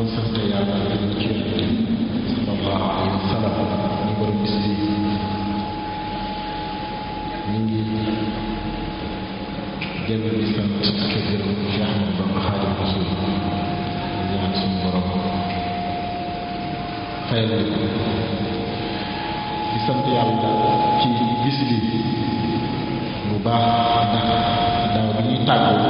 doon sant yàlla di ci sallallahu alayhi wa sallam ñu borom bis bi ñu ngi dellu di sant ak gërëm Cheikh Ahmed Bamba Xaadim Rasul ñaan suñu borom fayal di sant yàlla ci bis bi bu baax ndax daaw bi ñuy tàggoo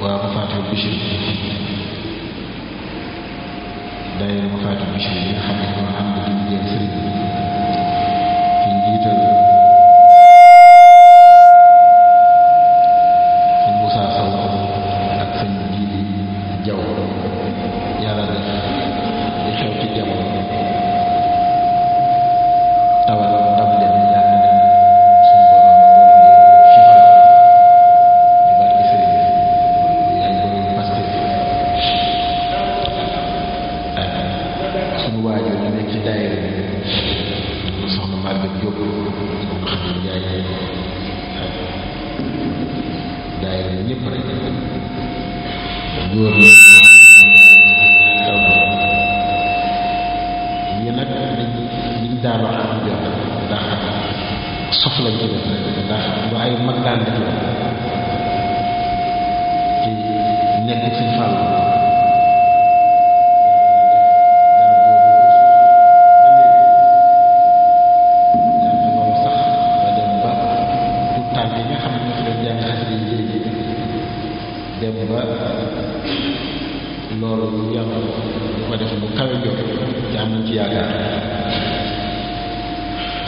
Mafatihul Bichri daayira Mafatihul Bichri bi nga xam ne moom am na liggéeyal sëriñ bi Diop moom Xaadim Njaay ak daayira ñëpp rek góor yi yéen nag dañ liñ daan wax ak jot ndax sof lañ ci def ndax lu ay mag daan def la ci nekk ci fàll xaal bi nga xam ne ñoo fi dem ba loolu yàlla bu def mu kawe jot te am nañ ci yaakaar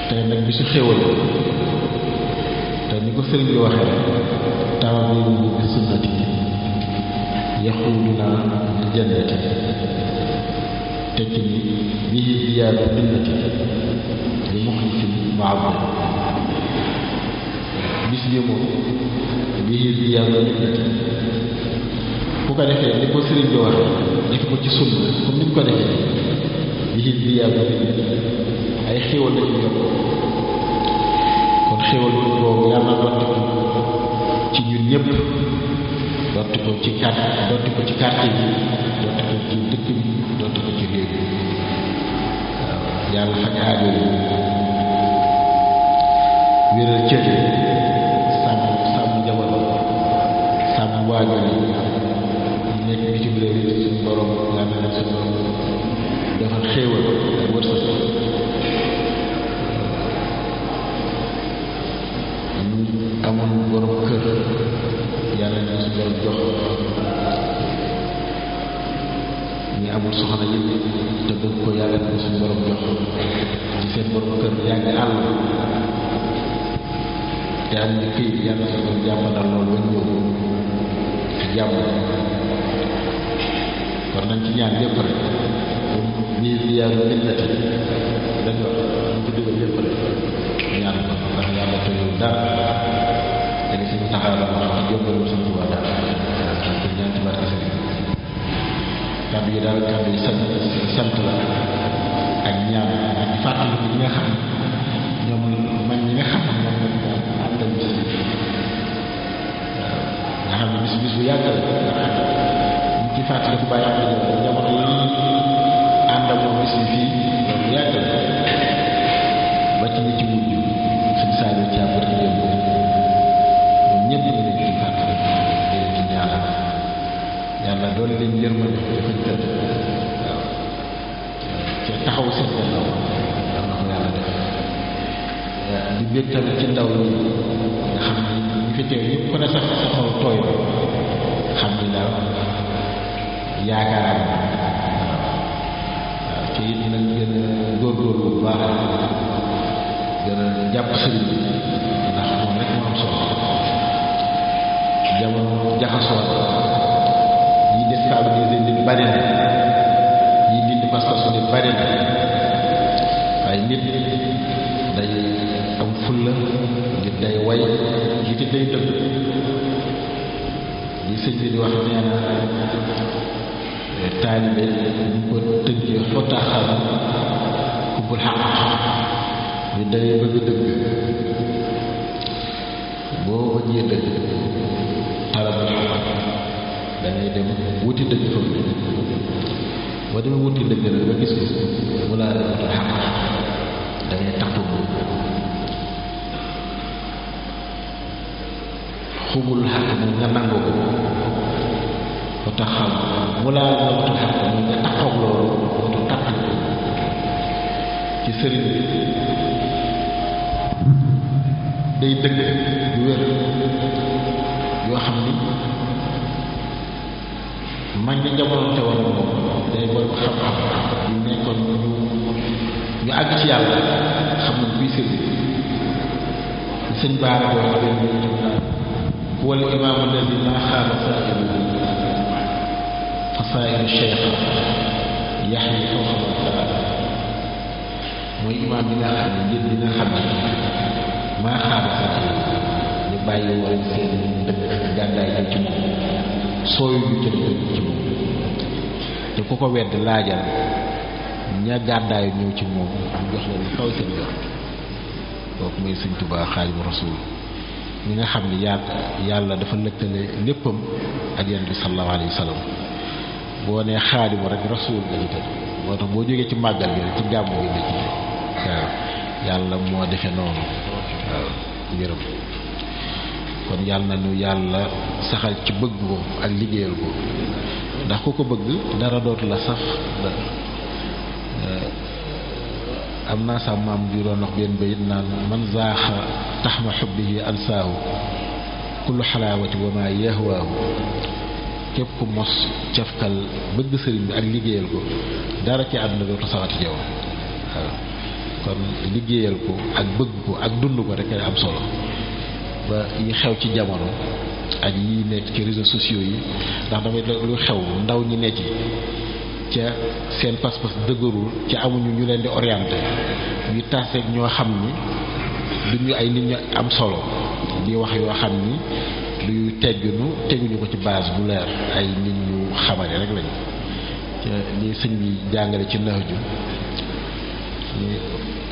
tey nag bi su xéwal te ni ko sëriñ bi waxee tawabiru bi sunnati yaxuuduna li jannati tekki ni bii diyaar bi dinnati li muxlisin maabud bis bi moom biir bi yàlla nekk bu ko defee ni ko sëriñ bi wax def ko ci sunna comme ni mu ko defee biir bi yàlla ay xéwal lañu yokk kon xéwal boobu yàlla dotti ko ci ñun ñëpp dotti ko ci kàtt dotti ko ci kàtt yi dotti ko ci dëkk waaw yàlla faj aajo wéral cër wajal yi ñu nekk bi ci bu leen di suñu borom ñaan na leen suñu borom defal xéewal ak wër sa ñu amoon borom kër yàlla ñu suñu borom jox ñu amul soxna yëpp te bëgg ko yàlla ñu suñu borom jox di seen borom kër yaa ngi àll yaa ngi kii yàlla sa borom jàppandal loolu ba ñëw jam Pernantinya dia per Ini dia rumit tadi Dan itu juga dia per Ini adalah yang betul undang Jadi saya minta dia orang video belum sentuh ada Tentunya cuma kesini Kami dah kami sentuh Hanya Fatih ini akan Yang menyebabkan fat lu bay am lu jamono yi and ak mom ci fi lu yagg ba ci ni ci muju ci saaru ci abou ci dem ko ñom ñepp ñu leen ci fat rek leen ci ñaara yalla do leen yermal ci fi te ci taxaw ci ko law ndax yalla def ya di bettal ci ndaw ñi xam ñu fi teew ñu ko na sax taxaw toy alhamdulillah yaakaar waaw ci it nag gën a góorgóorlu bu baax gën a jàpp sëriñ ndax moom rek moo am solo jamono jaxasoo yi def taabalisé nit bari bari na waaye nit day am fulla nit day way nit day dëgg li sëñ bi di wax nee talil bud deug futaxal kubul haq ni day bëgg deug bo ko jëtte talab haq da ngay dem wuti deug fa bo dem wuti deug rek ba gis ko wala rek haq da ngay taxtu kubul haq mo nga nangoo ba tax xam wala waxtu xaq mu nga taxaw loolu waxtu tàq ci sëriñ bi day dëgg yu wér yoo xam ni man ñi jamono te war day war xam-xam yu nekkoon ñu àgg ci yàlla xam na kuy sëriñ sëñ baara boo xam ne imaamu nabi maa xaala sa faa'ilu cheikh yaxyi foofu mooy imaam bi nga ci moom sooyu ñu jël ci moom te ku kaw seen yor kooku mooy sëñ Tuubaa Xaadimu Rasuul ñi nga xam ne yàlla yàlla dafa lëkkale léppam ak yonent bi sallallahu alayhi wa sallam boo nee xaadimu rek rasul nga ci tax boo jógee ci màggal gi rek nga ci waaw yàlla moo defe noonu waaw yërëm kon yàlla na nu yàlla saxal ci bëgg ko ak liggéeyal ko ndax ku ko bëgg dara dootu la sax euh, am naa sa maam ju doon wax benn bayit naan man zaaxa taxma xubbihi ansaahu kullu xalaawati wa maa yahwaahu képp ku mos cafkal bëgg sëriñ bi ak liggéeyal ko dara ci àdduna dootu saxati yow waaw kon liggéeyal ko ak bëgg ko ak dund ko rek am solo ba yi xew ci jamono ak yi nekk ci réseaux sociaux yi ndax damay lu xew ndaw ñi ne ci ca seen pas-pas dëgërul ca amuñu ñu leen di orienté ñu taseeg ñoo xam ni duñu ay nit ñu am solo di wax yoo xam ni luy tegginu teguñu ko ci base bu leer ay nit ñu xamale rek lañu li sëñ bi jàngale ci nahju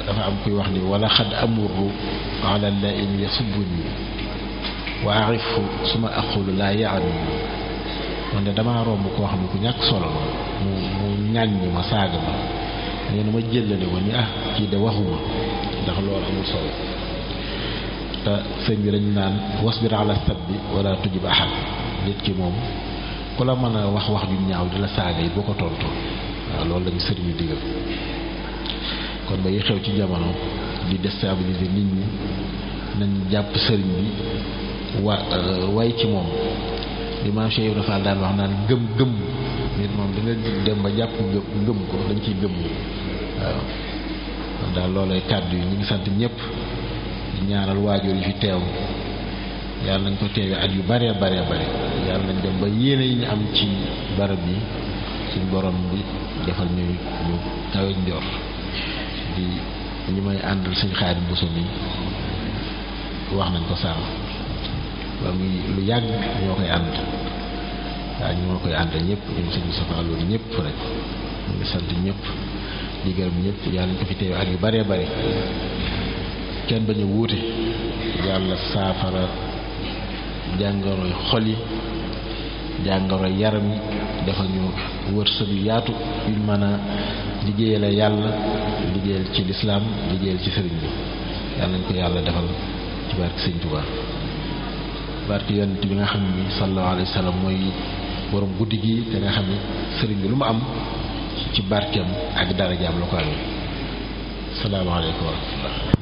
dafa am kuy wax ni wala xad amuru ala laim wa arifu suma aqulu laa yaani man de damaa romb koo xam ne ku ñàkk solo la mu mu ñàññ ma saaga ma nee na ma jëllale ko ni ah kii de waxuma ndax loolu amul solo te sëñ bi dañ naan wasbir ala sab bi wala tujib ahad nit ki moom ku la mën a wax wax ju ñaaw di la saaga yi boo ko tontu waaw loolu lañu sëriñ bi digal kon ba yi xew ci jamono di déstabiliser nit ñi nañ jàpp sëriñ bi wa euh, ci moom li daan wax naan gëm gëm nit jàpp gëm ko dañ ciy gëm waaw daal loolay kàddu yi ñu ngi sant ñëpp di ñaanal waajur yi fi teew yàlla nañ ko teewee at yu baree baree bare yàlla nañ dem ba yéene yi ñu am ci barab yi suñ borom bi defal ñu ñu kawe njor di ñi may àndal suñ xaarit boso mi wax nañ ko sànq lu yàgg ñoo koy ànd waaw ñoo koy ànd ñëpp ñoom suñu safaa loolu ñëpp rek ñu ngi sant ñëpp di gërëm yàlla nañ ko fi teewee at yu baree bare kenn bañ a wuute yàlla saafara jàngoroy xoli yi jàngoroy yaram yi dafa ñu wërsëg yu yaatu yu mën a liggéeyale yàlla liggéeyal ci lislaam liggéeyal ci sëriñ bi yàlla nañ ko yàlla defal ci barki sëñ Tuubaa barki yonent bi nga xam ni sallallahu alayhi wa mooy borom guddi gi te nga xam ni sëriñ bi lu mu am ci barkeem ak darajaam la ko amee salaamaaleykum wa rahmatullah